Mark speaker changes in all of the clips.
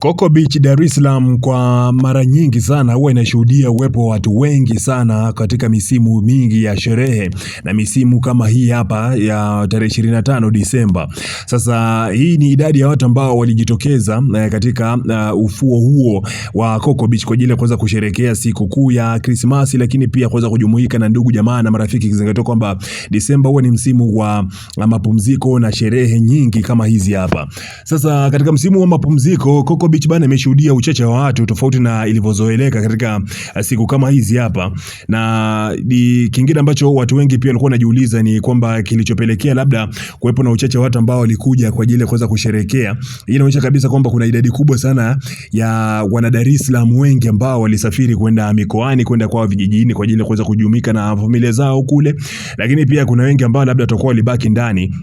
Speaker 1: Coco Beach Dar es Salaam kwa mara nyingi sana huwa inashuhudia uwepo wa watu wengi sana katika misimu mingi ya sherehe na misimu kama hii hapa ya tarehe 25 Disemba. Sasa hii ni idadi ya watu ambao walijitokeza eh, katika uh, ufuo huo wa Coco Beach kwa ajili ya kuweza kusherekea siku kuu ya Krismasi, lakini pia kuweza kujumuika na ndugu jamaa na marafiki, kizingatia kwamba Disemba huwa ni msimu wa mapumziko na sherehe nyingi kama hizi hapa. Sasa katika msimu wa mapumziko Coco Beach bana imeshuhudia uchache wa watu tofauti na ilivyozoeleka katika eh, siku kama hizi hapa, na kingine ambacho watu wengi pia walikuwa wanajiuliza ni kwamba kilichopelekea labda kuwepo na uchache wa watu ambao walikuja kwa ajili ya kuweza kusherekea. Hii inaonyesha kabisa kwamba kuna idadi kubwa sana ya wana Dar es Salaam wengi ambao walisafiri kwenda mikoani, kwenda kwao vijijini kwa ajili ya kuweza kujumika na familia zao kule, lakini pia kuna wengi ambao labda watakuwa walibaki ndani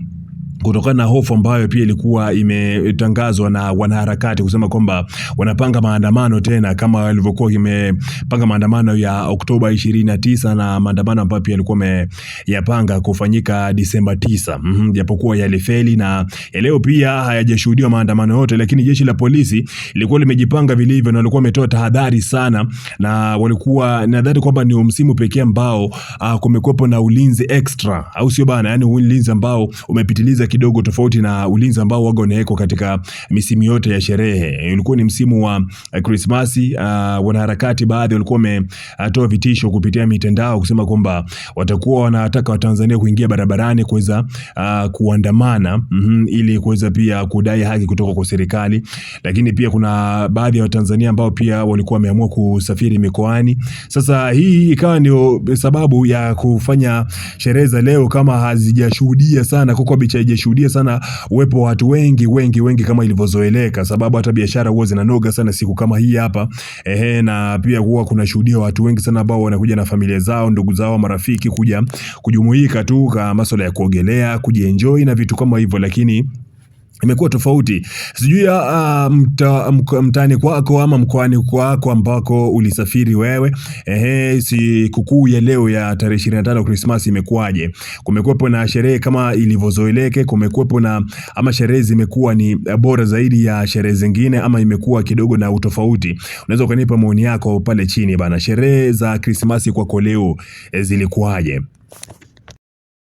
Speaker 1: kutokana na hofu ambayo pia ilikuwa imetangazwa na wanaharakati kusema kwamba wanapanga maandamano tena kama walivyokuwa imepanga maandamano ya Oktoba 29 na maandamano ambayo pia yalikuwa yamepanga kufanyika Disemba 9, mhm, japokuwa mm japokuwa yalifeli na leo pia hayajashuhudiwa maandamano yote, lakini jeshi la polisi lilikuwa limejipanga vilivyo na walikuwa wametoa tahadhari sana, na walikuwa nadhani kwamba ni msimu pekee ambao ah, kumekuwepo na ulinzi extra, au sio bana? Yani ulinzi ambao umepitiliza kidogo tofauti na ulinzi ambao waga unawekwa katika misimu yote ya sherehe. Eh, ulikuwa ni msimu wa Krismasi. Eh, uh, ah, wanaharakati baadhi walikuwa wametoa vitisho kupitia mitandao kusema kwamba watakuwa wanataka Watanzania kuingia barabarani kuweza uh, kuandamana mm -hmm, ili kuweza pia kudai haki kutoka kwa serikali, lakini pia kuna baadhi ya Watanzania ambao pia walikuwa wameamua kusafiri mikoani. Sasa hii ikawa ndio sababu ya kufanya sherehe za leo kama hazijashuhudia sana Kokobicha hujashuhudia sana uwepo wa watu wengi wengi wengi kama ilivyozoeleka, sababu hata biashara huwa zinanoga sana siku kama hii hapa ehe, na pia huwa kuna shuhudia watu wengi sana ambao wanakuja na familia zao, ndugu zao, marafiki kuja kujumuika tu kwa masuala ya kuogelea, kujienjoy na vitu kama hivyo, lakini imekuwa tofauti sijui uh, mta, mtaani kwako ama mkoani kwako ambako ulisafiri wewe. Ehe, sikukuu ya leo ya tarehe ishirini na tano Krismas imekuwaje? Kumekuwepo na sherehe kama ilivyozoeleke? Kumekuwepo na ama sherehe zimekuwa ni eh, bora zaidi ya sherehe zingine, ama imekuwa kidogo na utofauti? Unaweza ukanipa maoni yako pale chini bana. Sherehe za Krismasi kwako leo eh, zilikuwaje?